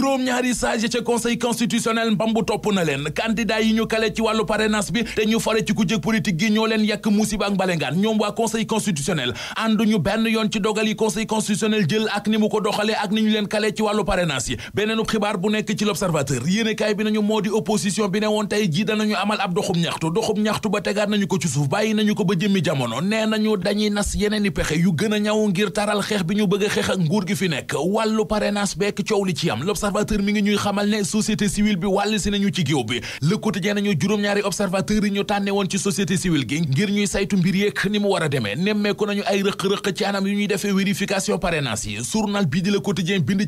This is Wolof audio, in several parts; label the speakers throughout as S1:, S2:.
S1: juróom-ñaari sage ca conseil constitutionnel mbambu topp na leen candidat yi ñu kale ci wàllu parrainage bi te ñu fare ci ku jëg politique gi ñoo leen yàq musiba ak mbalengaan ñoom waa conseil constitutionnel ànduñu benn yoon ci dogal yi conseil constitutionnel jël ak ni mu ko doxalee ak ni ñu leen kale ci wàllu parrainage yi beneenu xibaar bu nekk ci l'observateur yéenekaay bi nañu moo di opposition bi ne woon tey jii danañu amal ab doxum ñaxtu doxum ñaxtu ba tegaat nañu ko ci suuf bàyyi nañu ko ba jëmmi jamono nee nañu dañuy nas yeneen i pexe yu gën a ñaw ngir taral xeex bi ñu bëgg a xeex ak gi fi nekk wàllu parrainage beek coow li ci am l'observateur mi ngi ñuy xamal ne société civile bi wàll si nañu ci géew bi le quotidien nañu juróom-ñaari observateur yi ñu tànne woon ci société civile gi yu ñuy defee vérification parrainage yi journal bii di le quotidien bind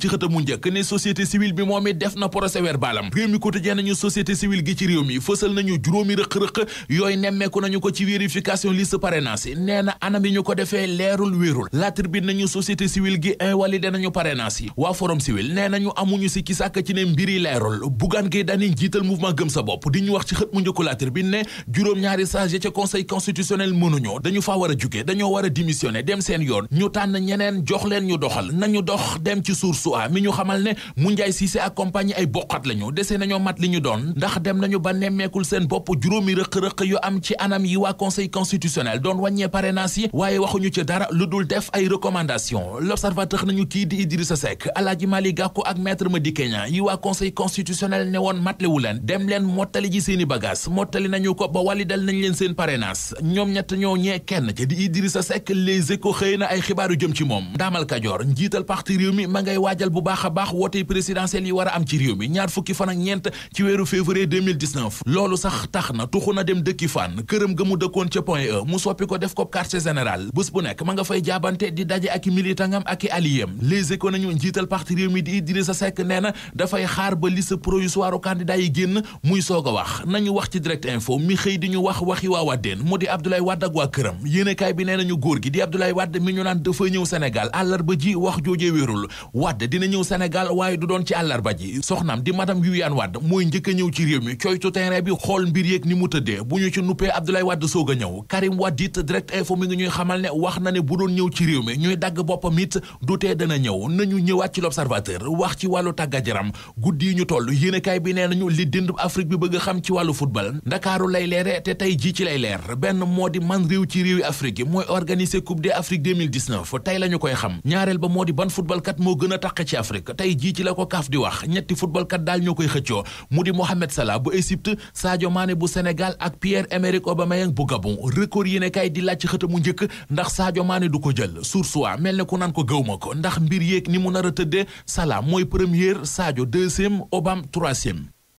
S1: moom it def na procès verbalam réew mi quotidien nañu société civile gi ci réew mi fësal nañu juróomi rëq-rëq yooyu nemmeeku nañu ko ci vérification liste parrainage yi nee na anam yi ñu ko defee leerul wéerul la tribune nañu société civile gi invalidé nañu parrainage yi waa forum civil nee nañu amuñu sikki sàkk ci ne mbiri leerul Bougane Gueye Dany njiital mouvement gëm sa bopp di ñu wax ci xët mu njëkkulaatir bi ne juróom-ñaari sage ca conseil constitutionnel mënuñoo dañu faa war a jóge dañoo war a démissionné dem seen yoon ñu tànn ñeneen jox leen ñu doxal nañu dox dem ci source a mi ñu xamal ne mu njaay siise ak compagnie ay bokkat lañu desee nañoo mat li ñu doon ndax dem nañu ba nemmeekul seen bopp juróomi rëq-rëq yu am ci anam yi waa conseil constitutionnel doon wàññee parrainage yi waaye waxuñu ci dara lu dul def ay recommandation l'observateur nañu kii di Idrissa Seck Alaaji di Kenya yi waa conseil constitutionnel ne woon matlewu leen dem leen mottali ji seeni bagage mottali nañu ko ba wàlli dal nañ leen seen parrainage ñoom ñett ñoo ñee kenn ca di sa Seck Les ko xëy na ay xibaaru jëm ci moom ndaamal Kajoor njiital parti réew mi ma ngay waajal bu baax a baax wootey présidentielle yi war a am ci réew mi ñaar fukki fan ak ñeent ci weeru février 2019 loolu sax tax na tuxu na dem dëkki fan këram ga mu dëkkoon ca Point E mu soppi ko def ko quartier général bés bu nekk ma nga fay jaabante di daje ak militangam ak i aliyem Les Échos nee na dafay xaar ba liste provisoire candidat yi génn muy soog wax nañu wax ci direct info mi xëy di ñu wax waxi waa Wàddeen mu di Abdoulaye Wade ak waa këram yéenekaay bi nee nañu góor gi di Abdoulaye Wade mi ñu naan dafa ñëw Sénégal àllarba ji wax joojee wérul Wade dina ñëw Sénégal waaye du doon ci àllarba ji soxnaam di madame Viviane Wade mooy njëkk a ñëw ci réew mi coytu terrain bi xool mbir yeeg ni mu tëddee bu ñu ci nuppee Abdoulaye Wade soog a ñëw Karim wax na ne bu doon ñëw ci réew mi ñuy dagg boppam it du tee dana ñëw nañu ñëwaat ci wàllu tàggat yaram guddi yi ñu toll yéenekaay bi nee nañu li dindub Afrique bi bëgg xam ci wàllu football ndakaaru lay leere te tey ji ci lay leer benn moo di man réew ci réewi Afrique yi mooy organiser coupe d'Afrique 2019 tey la koy xam ñaareel ba moo di ban footballkat moo gën a taq ci Afrique tey jii ci la ko kaaf di wax ñetti footballkat daal ñoo koy xëccoo mu di Mohamed Salah bu Égypte Sadio Mané bu Sénégal ak Pierre-Emerick Aubameyang bu Gabon record yéenekaay di laaj a Neuer Sadio deuxième Obama troisième